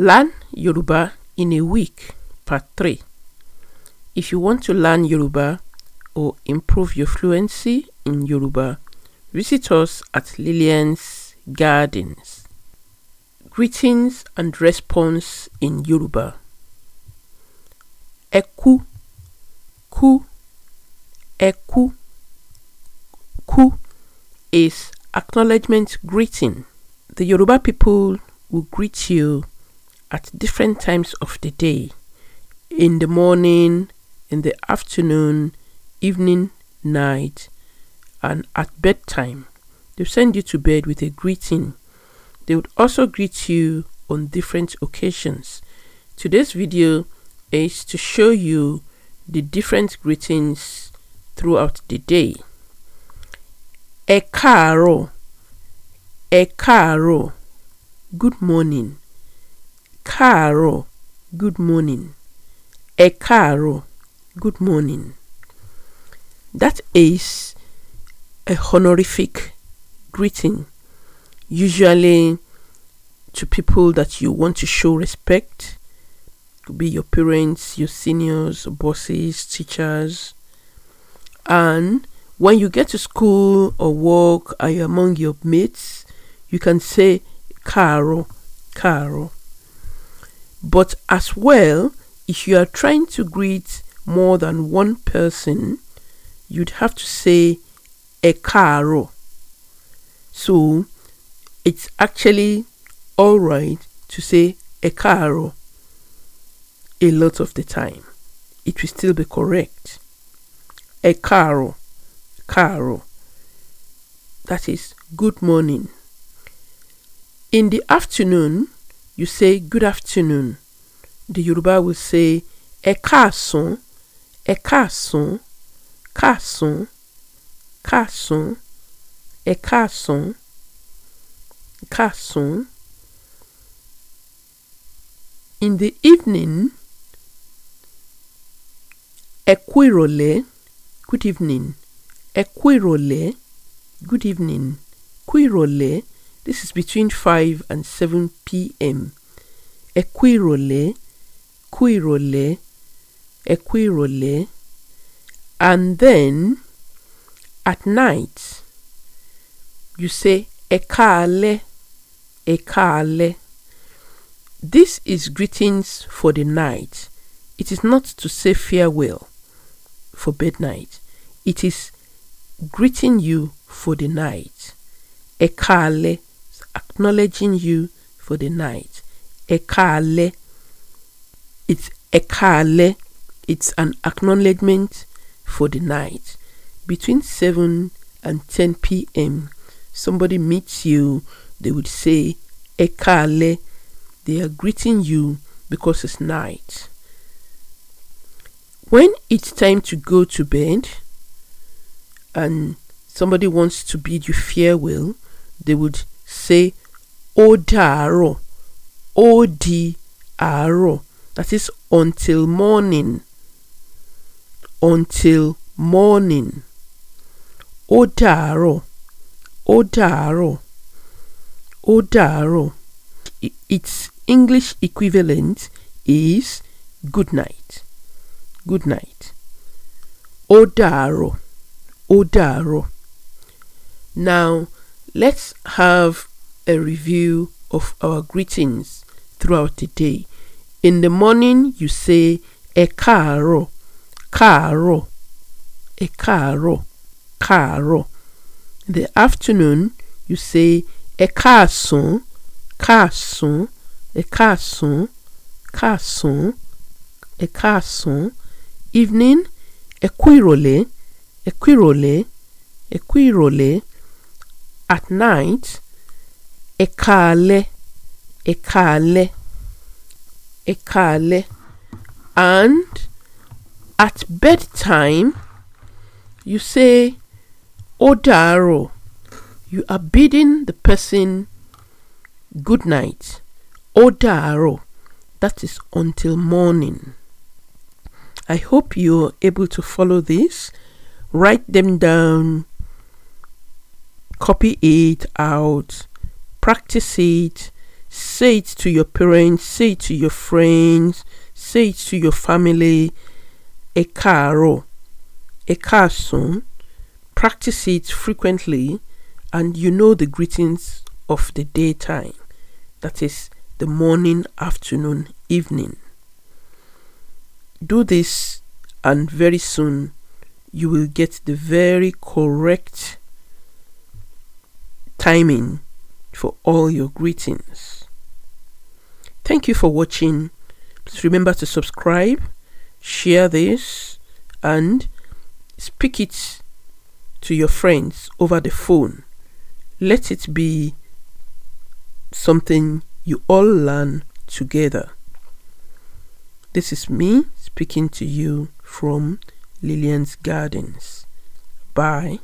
Learn Yoruba in a week, part 3. If you want to learn Yoruba or improve your fluency in Yoruba, visit us at Lillian's Gardens. Greetings and response in Yoruba. Eku, ku, eku, ku is acknowledgement greeting. The Yoruba people will greet you at different times of the day in the morning, in the afternoon, evening, night, and at bedtime. They'll send you to bed with a greeting. They would also greet you on different occasions. Today's video is to show you the different greetings throughout the day. Ekaro, Ekaro, good morning. Caro, good morning. E caro, good morning. That is a honorific greeting, usually to people that you want to show respect. Could be your parents, your seniors, bosses, teachers. And when you get to school or work, are you among your mates? You can say, Caro, Caro. But as well, if you are trying to greet more than one person, you'd have to say a caro. So it's actually all right to say a caro a lot of the time. It will still be correct. A caro, caro. That is good morning. In the afternoon, You say good afternoon. The Yoruba will say ekasun, ekasun, kasun, kasun, ekasun, kasun. In the evening, equirole, good evening, equirole, good evening, quirole. This is between 5 and 7 p.m. Equirolle, equirolle, equirolle, And then at night, you say ecale, ecale. This is greetings for the night. It is not to say farewell for bed night. It is greeting you for the night. Ecale acknowledging you for the night. Ekale. It's ekale. It's an acknowledgement for the night. Between 7 and 10 p.m., somebody meets you, they would say ekale. They are greeting you because it's night. When it's time to go to bed and somebody wants to bid you farewell, they would say ó dàárọ̀, ó That is until morning. Until morning. Ó odaro ó ó Its English equivalent is good night. Good night. Ó odaro ó Now, Let's have a review of our greetings throughout the day. In the morning, you say e caro, caro, e caro, caro. In the afternoon, you say e cason, cason, e cason, cason, e cason. Evening, e quirole, e quirole, e quirole at night, ekale, ekale, ekale, and at bedtime, you say odaro. You are bidding the person good night. Odaro. That is until morning. I hope you're able to follow this. Write them down copy it out, practice it, say it to your parents, say it to your friends, say it to your family. A caro, a carson. Practice it frequently, and you know the greetings of the daytime. That is the morning, afternoon, evening. Do this, and very soon you will get the very correct timing for all your greetings. Thank you for watching. Please remember to subscribe, share this, and speak it to your friends over the phone. Let it be something you all learn together. This is me speaking to you from Lillian's Gardens. Bye.